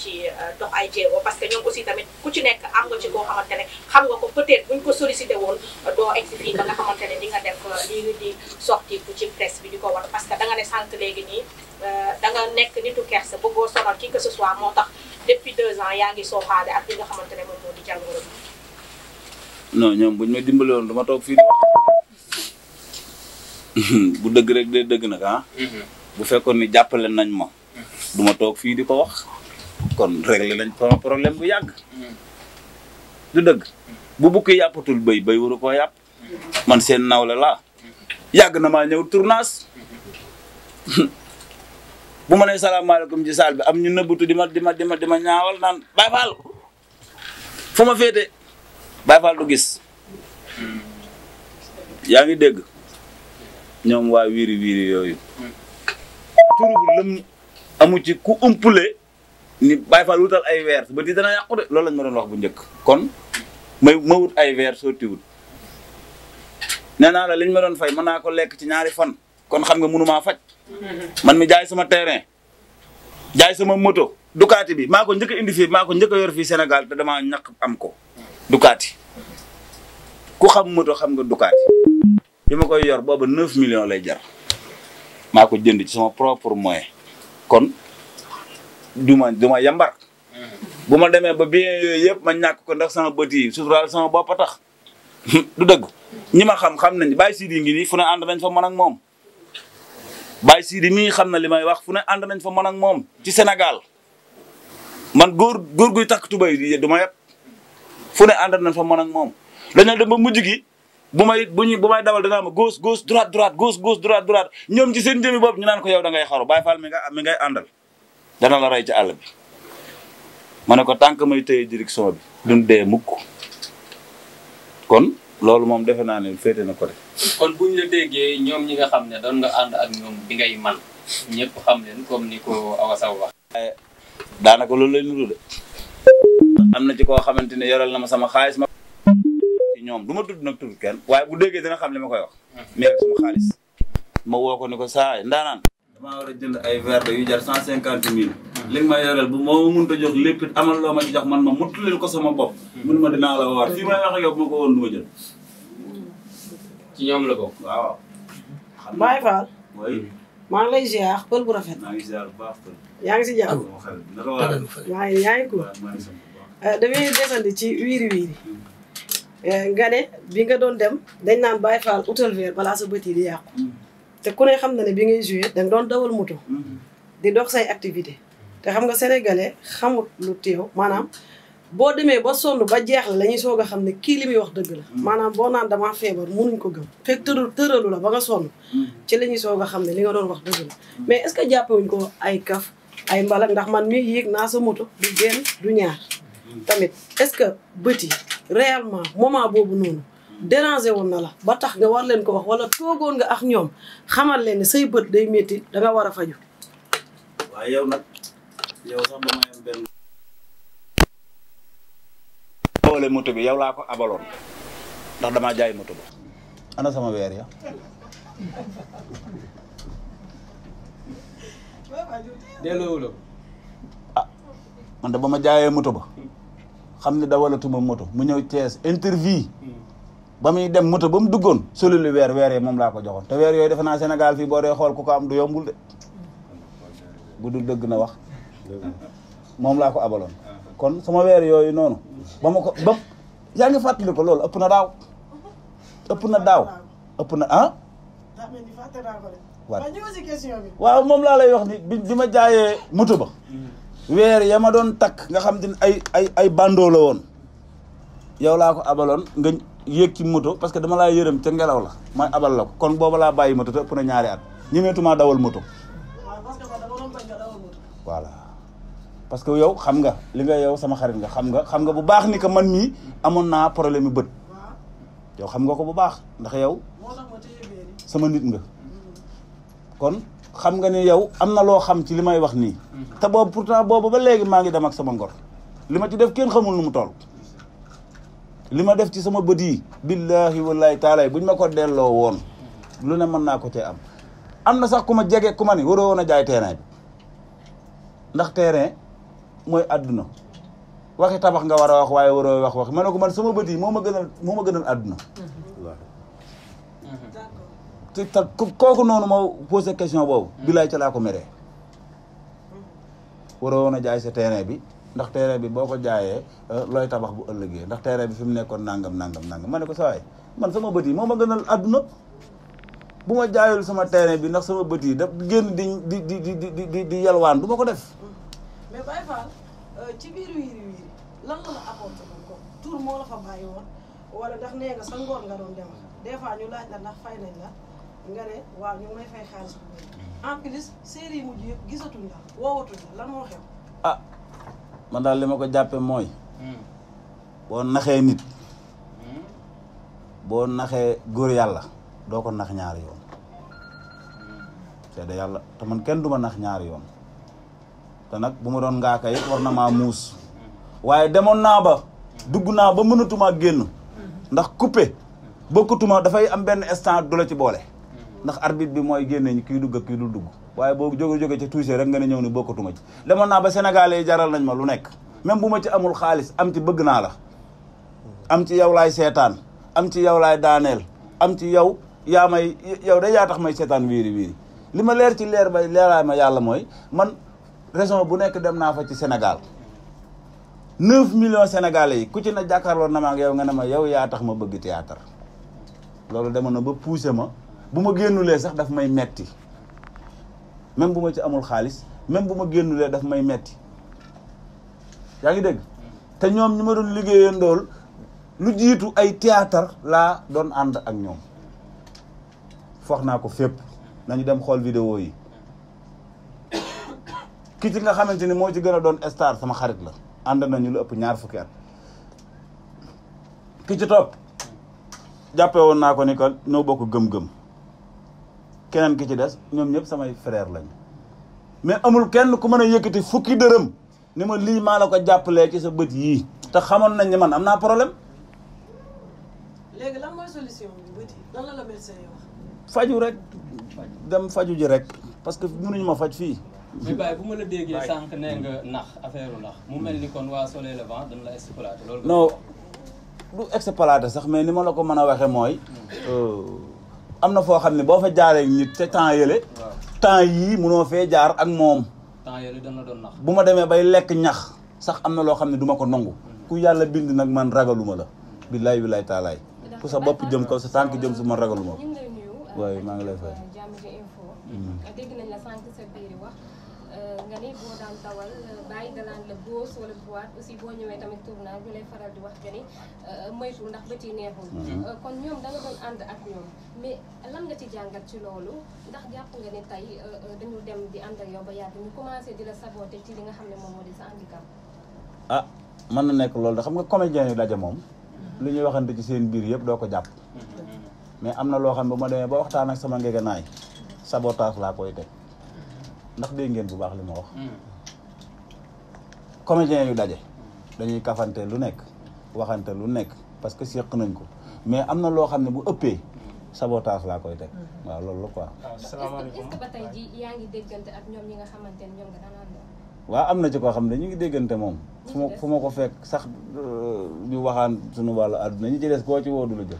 ci euh, dox ay jéego parce que ñoom aussi tamit ku ci nekk am nga ci koo xamante ne xam nga ko peut-être buñ ko sollicité woon euh, doo egsi fii ba nga xamante euh, di sorti bu ci presse bi di ko war parce que da nga ne sànq léegi nii da nga nekk nitu kersa bëggoo sonal qui que ce soit moo tax depuis deux ans yaa ngi sooxaale ak li nga xamante ne moom moo di jàngoro bi. ñoom buñ ma dimbalewoon woon dama toog fii bu dëgg rek dee dëgg nag ah. Mm-hmm. bu fekkoon ni jàppale nañ ma. Mm-hmm. du toog fii di ko wax. kon réglé lañ problème bu yàgg du dëgg bu bukki yàppatul béy béy waru koo man seen nawle la yàgg na maa ñëw tournage bu ma nee salaamaaleykum ci saal bi am ñun na di ma di ma di ma di ma naan Baye Fall fu ma féete Baye Fall du gis yaa ngi dégg ñoom waa wiiri wiiri yooyu turu lëm amu ku umpule ni Baye Fall wutal ay weer ba di dana yàqu de loolu lañ ma doon wax bu njëkk kon may ma wut ay weer sottiwut nee naa la liñ ma doon fay mën naa ko lekk ci ñaari fan kon xam nga mënumaa faj man mi jaay sama terrain jaay sama moto Ducati bi maa ko indi fi maako ko njëkk a fii Sénégal te damaa ñaq am ko Ducati ku xam moto xam nga Ducati bi ma koy yor booba 9 million lay jar maa ko jënd ci sama propre moyen kon juma duma yambar mm-hmm. bu ma demee ba bien yooyu yëpp ma ñàkk ko ndax sama bët yi suturaal sama bopp a tax du dëgg ñi ma xam xam nañ bàyyi siidi ngi nii fu ne ànd nañ fa mën ak moom bàyyi siidi mii xam na li may wax fu ne ànd nañ fa mën ak moom ci senegal man góor góor guy takk tubay di du ma yëpp fu ne ànd nañ fa mën moom dañoo dem ba mujj gi bu dawal danaa ma gauche gauche droite droite gauche gauche droite droite ñoom ci seen jëmi bopp ñu naan ko yow da ngay xaru Baye Fall mi nga ngay àndal dana la rey ci àll bi ma ne ko tànk may tëye direction bi duñ dee mukk kon loolu moom defe naa ne féete na ko de. kon buñ la déggee ñoom ñi nga xam ne doon nga ànd ñoom ngay man ñëpp xam leen comme ni ko Awa Sow wax. Eh, loolu lay nuru de am na ci koo xamante ne yoral na ma sama xaalis ma. ci ñoom du ma tudd nag tudd kenn waaye bu déggee dina xam li ma koy wax. mais hmm. sama xaalis ma woo ko ni ko saa ndaanaan maa war a jënd ay verre yu jar cent cinquante mille li ma yoreel bu moo mënut a jox lépp it loo ma jox man ma muttulil ko sama bopp mun ma a la waar fii ma ko woon du ma ci ñoom la ko waaw Baye Fall maa ngi lay ziar pël bu rafet maa ngi ziar bu baax pël yaa ngi si jàmm yaa ngi ko eh, damay desandi ci wiiri wiiri eh, nga ne bi nga doon dem dañ naan Baye Fall utal verre balaa sa bët yi te ku ne xam na ne bi ngay joué danga doon dawal moto. Mhm. di dox say activité te xam nga sénégalais xamut lu teew maanaam boo demee ba sonn ba jeex la ñuy soog a xam ne kii li muy wax dëgg la. Mhm. maanaam boo naan damaa feebar munuñ ko gëm. fekk tëral tëralu la ba nga sonn. Mhm. ci la ñuy soog a xam ne li nga doon wax dëgg la. mais est-ce que jàppewuñ ko ay kaf ay mbalak ndax man mii yéeg naa sa moto du génn du ñaar. tamit est-ce que bët yi réellement moment boobu noonu. déranger woon na la ba tax nga war leen ko wax wala toogoon nga ak ñoom xamal leen ne say bët day métti da war a faju waaw yow nag yow sax dama am benn. boole moto bi yow laa ko abaloon ndax damaa jaay moto ba. ana sama weer ya. delloo ah man de ba ma jaayee moto ba xam ne dawalatuma moto mu ñëw Thiès interview. ba muy dem moto ba mu duggoon solu weer weer yi moom laa ko joxoon te weer yooyu defe naa Sénégal fii boo dee xool ku ko am du yombul de bu dëgg na wax moom laa ko abaloon kon sama weer yooyu noonu ba ma ko ba yaa ngi fàttali ko loolu ëpp na daaw ëpp na daaw ëpp na ah waaw moom laa lay wax ni bi bi ma jaayee moto ba mm. weer ya ma doon takk nga xam te ne ay ay ay bandoo la woon yow laa ko abaloon yéeg ci moto parce que dama laa yërëm ca ngelaw la mooy abal la ko kon booba laa bàyyi moto te ëpp na ñaari at ñemeetuma dawal moto. voilà parce que yow xam nga li nga yow sama xarit nga xam nga xam nga bu baax ni que man mii amoon naa problème yu bët yow xam nga ko bu baax ndax yow sama nit nga kon xam nga ne yow am na loo xam ci li may wax nii te boobu pourtant boobu ba léegi maa ngi dem ak sama ngor li ma ci def kenn xamul nu mu tool li ma def ci sama bët yi billaahi wallaahi taala buñ ma ko delloo woon lu ne mën naa ko cee am am na sax ku ma jege ku ma ni waroo woon a jaay terrain bi ndax terrain mooy àdduna waxi tabax nga war a wax waaye waroo wax wax ma ne ko man sama bët yi moo ma gënal moo ma gënal àdduna te kooku noonu ma posé question boobu mm. bilaay ca laa ko meree mm. waroo woon a jaay sa terrain bi ndax terrain bi boo ko jaayee euh, looy tabax bu ëllëgee ndax terrain bi fi mu nekkoon nangam nangam nangam ma ne ko sawaay man sama bët yi moo ma gën a bu ma jaayul sama terrain bi ndax sama bët yi da génn di di di di di di du ma ko def. mais euh, lan la la moo la fa bàyyi woon wala ndax nee nga sa ngoor fois ñu laaj la ndax fay nañ la nga ne waaw mujj yëpp gisatuñ la woowatuñ la lan moo xew. Ah, man daal li ma ko jàppe mooy boo naxee nit boo naxee góor yàlla doo ko nax ñaar yoon seede yàlla te man kenn du ma nax ñaari yoon te nag bu ma doon ngaa kay war na maa muus waaye demoon naa ba dugg naa ba mënatumaa génn ndax coupé bokkatuma dafay am benn instant du la ci boole ndax arbitre bi mooy génne ñu kii dugg ak kii dul dugg waaye boo jóge jóge ca tuusee rek nga ne ñëw ni bokkatuma ci demoon naa ba sénégalais yi jaral nañ ma lu nekk même bu ma ci amul xaalis am ci bëgg naa la am ci yow laay seetaan am ci yow laay daaneel am ci yow yaa may yow day yaa tax may seetaan wiiri wiiri li ma leer ci leer ba leeraay ma yàlla mooy man raison bu nekk dem naa fa ci Sénégal neuf million sénégalais yi ku ci na jàkkaarloo na maa ngi yow nga ne ma yow yaa tax ma bëgg théâtre loolu demoon na ba poussé ma bu ma génnulee sax daf may metti même bu ma ci amul xaalis même bu ma génn lee daf may metti yaa ngi dégg te ñoom ñu ma doon liggéeyee ndool lu jiitu ay théâtre laa doon ànd ak ñoom foog naa ko fepp nañu dem xool vidéo yi ki ci nga xamante ni moo ci gën doon star sama xarit la ànd nañu lu ëpp ñaar fukki at ki ci topp jàppe woon naa ko ni ko ñoo bokk gëm-gëm keneen ki ci des ñoom ñëpp samay frère lañu mais amul kenn ku mën a yëkkati fukki dërëm ni ma lii maa la ko jàppalee ci sa bët yii te xamoon nañ ne man am naa problème. léegi faju rek dem faju ji rek parce que mënuñu ma faj fii. mais Baye bu ma la déggee sànq nee nga nax affaire nax mu mel ni kon waa Soleil Levant dañ la exploité loolu. non du sax mais ni ma la ko mën a waxe mooy. Hmm. Euh, am na foo xam ne boo fa jaaree nit te temps yële. temps yii munoo fee jaar ak moom. temps yële dana doon nax. bu ma demee bay lekk ñax sax am na loo xam ne duma ko nangu. Mhm. ku yàlla bind nag man ragaluma la. billaay billaay taalaay. pour sa bopp jëm kaw sa tànk jëm su ma ragaluma. waaye maa ngi lay fay. Mhm. la Euh, nga ni boo daan tawal euh, bàyyi dalaan la gauche wala droite aussi boo ñëwee tamit tournage ñu lay faral di wax que ni euh, moytu ndax ba ci neexul. Mhm. kon ñoom da doon ànd ak ñoom mais lan nga ci jàngat ci loolu ndax jàpp nga xam ne moom moo di sa handicap. ah mën na nekk loolu da xam nga comédien yu daje moom. lu ñuy waxante ci seen biir yëpp doo ko jàpp. Mhm. mais am na loo xam ne bu ma demee ba waxtaan ak sama ngeganaay sabotage laa koy teg. ndax dégg ngeen bu baax li ma wax. Hmm. comédiens yu daje. dañuy kafante lu nekk. waxante lu nekk parce que seq nañ ko mais am na loo xam ne bu ëppee sabotage laa koy teg. Hmm. waaw loolu la quoi. Ah, salaamaaleykum waaw am na ci koo xam ne ñu ngi déggante moom. fu ma fu ma ko fekk sax ñu euh, waxaan suñu wàllu àdduna ñu ci des koo ci woo du la jël.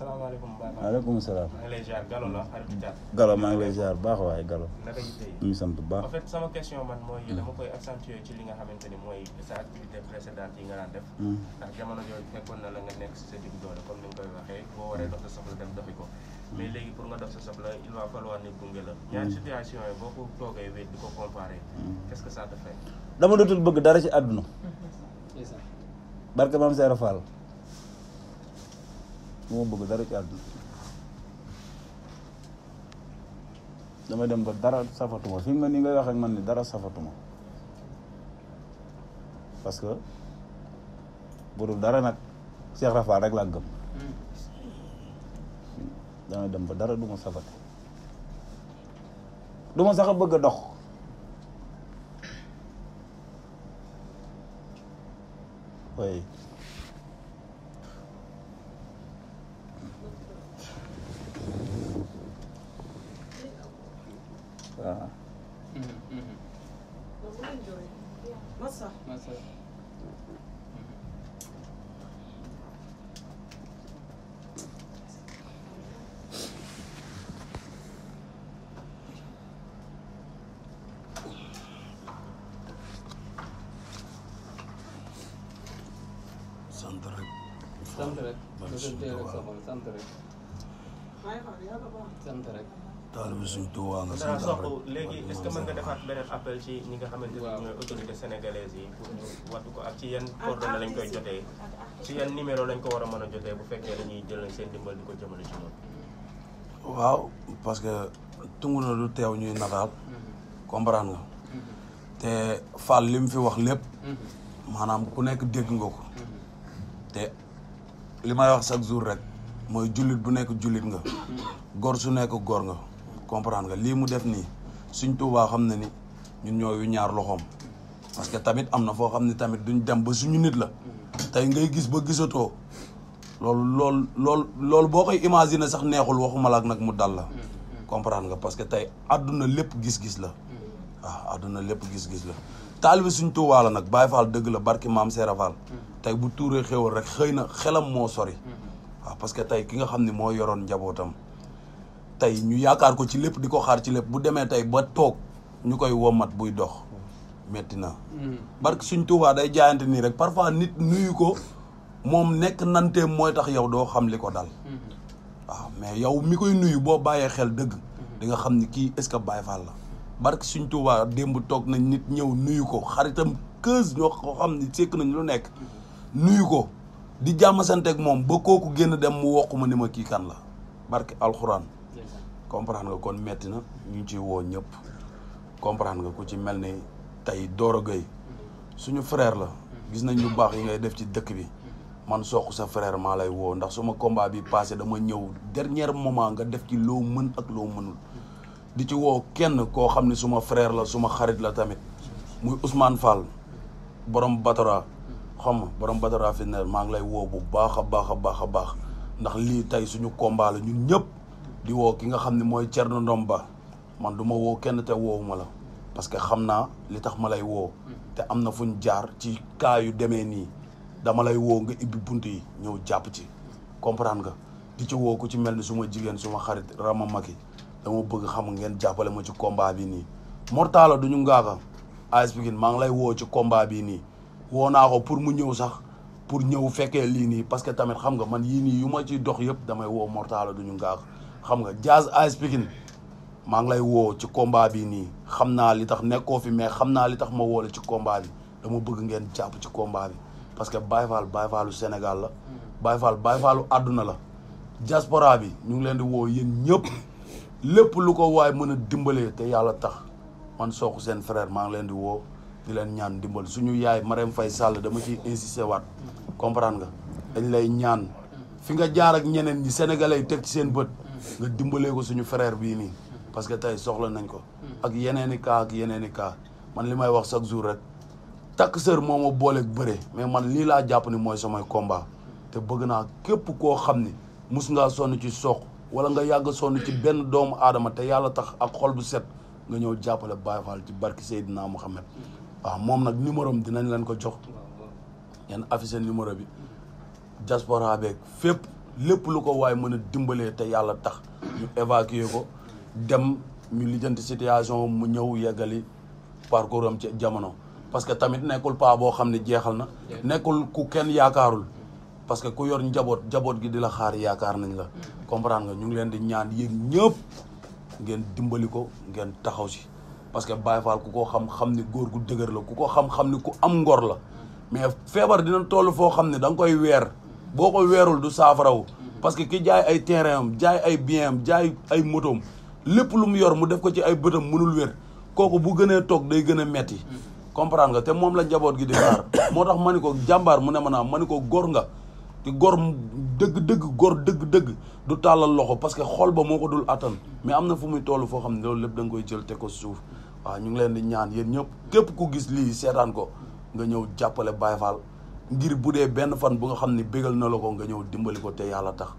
salaamaaleykum waaleykum salaam maa ngi lay ziar Gallo la xaritu Thiat Gallo maa ngi lay ziar baax waaye Gallo naka yittee sant bu baax en fait sama question man mooy dama koy li nga xamante ni mooy sa activité précédente yi nga daan def hmm. ndax jamono yooyu fekkoon na la nga nekk si sa digg doole comme ni nga koy waxee boo waree dox sa soxla dem doxi ko hmm. mais léegi pour nga dox sa soxla il va falloir ni gunge la hmm. ñaari situation yi boo ko toogee wéet di ko comparer quest dama dootul bëgg dara ci àdduna barke moo bëgg dara ci àdduna damay dem ba dara safatuma fi nga ni ngay wax man ni dara safatuma parce que bu dara nag Cheikh Rafa rek laa gëm dama dem ba dara duma ma safate du ma sax a bëgg a dox waaye Mesela. Mesela. Sandırak. Sandırak. Özür dilerim sabah. Sandırak. Hayır var ya baba. Sandırak. taalibu suñ Tuubaa nga sant léegi est-ce nga defaat beneen appel ci ñi nga xam ne ñooy autorité sénégalaise yi pour ñu wattu ko ak ci yan coordonnées lañ koy jotee ci yan numéro lañ ko war a mën a jotee bu fekkee dañuy jël seen dimbal di ko jëmale ci waaw parce que tungu na lu teew ñuy nataal. Mhm. comprendre nga. Mhm. te Fall li fi wax lépp. Mhm. maanaam ku nekk dégg nga ko. te li may wax chaque jour rek mooy jullit bu nekk jullit nga. góor su nekk góor nga. comprendre nga lii mu def nii suñ Tuubaa xam na ni ñun ñooyu ñaar loxoom parce que tamit am na foo xam ne tamit duñ dem ba suñu nit la tey ngay gis ba gisatoo loolu loolu loolu loolu boo koy imaginer sax neexul waxuma laak nag mu dal la comprendre nga parce que tey àdduna lépp gis-gis la waaw àdduna lépp gis-gis la taalibe suñ Tuubaa la nag Baay Faal dëgg la barki maam Seera Faal tey bu tuuree xéwal rek xëy na xelam moo sori waaw que tey ki nga xam ne moo yoroon njabootam tey ñu yaakaar ko ci lépp di ko xaar ci lépp bu demee tey ba toog ñu koy womat buy dox metti na mm. barke suñ tuubaa day jaayante nii rek parfois nit nuyu ko moom nekk nanteem mooy tax yow doo xam li ko dal mm-hmm. waaw mais yow mi koy nuyu boo bàyyee xel dëgg mm-hmm. di nga xam ni kii est-ce que Baye Fall la barke suñ tuubaa démb toog nañ nit ñëw nuyu ko xaritam keuse ñoo ko xam ni sekk nañ lu nekk mm-hmm. nuyu ko di jàmm santeeg moom ba kooku génn dem mu woq ma ni ma kii kan la barke alxuraan comprendre nga kon metti na ñu ci woo ñëpp comprendre nga ku ci mel ni tey Doro Gueye suñu frère la gis nañ lu baax yi ngay def ci dëkk bi man soq sa frère maa lay woo ndax suma combat bi passé dama ñëw dernier moment nga def ci loo mën ak loo mënul di ci woo kenn koo xam ne suma frère la suma xarit la tamit muy Ousmane Fall borom Batara xam nga borom Batara fi maa ngi lay woo bu baax a baax a baax a baax ndax lii tey suñu combat la ñun ñëpp di woo ki nga xam ne mooy Thierno ba man du ma woo kenn te woowuma la parce que xam naa li tax ma lay woo te am na fuñ jaar ci cas yu demee nii dama lay woo nga ibbi bunt yi ñëw jàpp ci comprendre nga di ci woo ku ci mel ni suma jigéen suma xarit Rama Maki dama bëgg xam ngeen jàppale ma ci combat bi nii Mortala du ñu ngaaka AS Pikine maa ngi lay woo ci combat bi nii woo naa ko pour mu ñëw sax pour ñëw fekkee lii nii parce que tamit xam nga man yii nii yu ma ciy dox yëpp damay woo Mortala du ñu ngaaka xam nga Diaz AS Pikine maa ngi lay woo ci combat bi nii xam naa li tax nekkoo fi mais xam naa li tax ma woole ci combat bi dama bëgg ngeen jàpp ci kombaa bi parce que Baye Fall Baye Fallu Sénégal la mm. Baye Fall Baye Fallu àdduna la diaspora bi ñu ngi leen di woo yéen ñëpp lépp lu ko waay mën a dimbalee te yàlla tax man Sokh seen frère maa ngi leen di woo di leen ñaan dimbal suñu yaay Marème fay sàll dama ciy insisté waat mm. comprendre nga dañ lay ñaan fi nga jaar ñeneen ñi sénégalais yi teg ci seen bët nga dimbalee ko suñu fereer bii nii parce que tey soxla nañ ko ak yeneen i cas ak yeneen i cas man li may wax chaque jour rek takk sër moo ma booleek bëre mais man lii laa jàpp ni mooy samay komba te bëgg naa képp koo xam ni mus ngaa sonn ci soq wala nga yàgg sonn ci benn doomu aadama te yàlla tax ak xol bu set nga ñëw jàppale Baye Fall ci barki Seydina Mouhamed waaw moom nag numéro am dinañ leen ko jox ngeen affiché numéro bi diaspora beeg fépp lépp lu ko waaye mën a dimbalee te yàlla tax ñu évacuer ko dem ñu lijjanti situation mu ñëw yeggali parcours am ci jamono parce que tamit nekkul paa boo xam ne jeexal na nekkul ku kenn yaakaarul parce que ku yor njaboot njaboot gi di la xaar yaakaar nañ la comprendre nga ñu ngi leen di ñaan yéen ñëpp ngeen dimbali ko ngeen taxaw si parce que Baye Fall ku ko xam-xam ni góor gu dëgër la ku ko xam-xam ni ku am ngor la mais feebar dina toll foo xam ne da koy weer boo ko weerul du saafaraw parce que ki jaay ay terrain jaay ay bien jaay ay motom lépp lu mu yor mu def ko ci ay bëtam mënul wér kooku bu gënee toog day gën a metti comprendre nga te moom la njaboot gi di xaar moo tax ma ni ko jàmbaar mu ne ma naa ma ni ko góor nga te góor dëgg-dëgg góor dëgg-dëgg du tàllal loxo parce que xol ba moo ko dul attan mais am na fu muy toll foo xam ne loolu lépp danga koy jël te ko suuf waaw ñu ngi leen di ñaan yéen ñëpp képp ku gis lii seetaan ko nga ñëw jàppale Baye ngir bu dee benn fan bu nga xam ne bégal na la ko nga ñëw dimbali ko te yàlla tax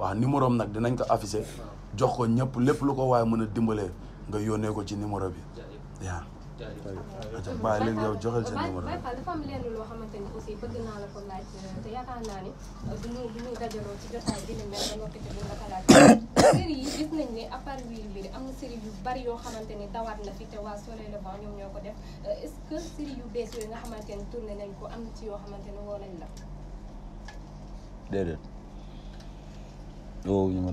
waaw numéro am nag dinañ ko affiché jox ko ñëpp lépp lu ko waaye mën a dimbalee nga yónnee ko ci numéro bi waaw jaajëf bàyyi léegi yow joxel seen numéro bi dafa xamante ni aussi bëgg naa ko laaj te yaakaar naa ni bu ñu bu ñu dajaloo ci jotaay bi série yi gis nañ ni à part Wiri am na série yu bari yoo xamante ni dawaat na fi te waa Soleil Levant ñoom ñoo ko def euh, est-ce que série yu bees yooyu nga xamante ni tourné nañ ko am na ci yoo xamante ni woo nañ la déedéet woowu ñu ma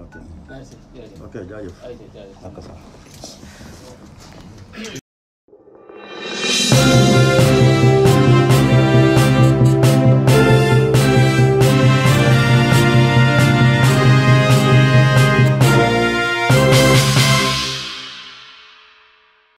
ok ok jaajëf ak sax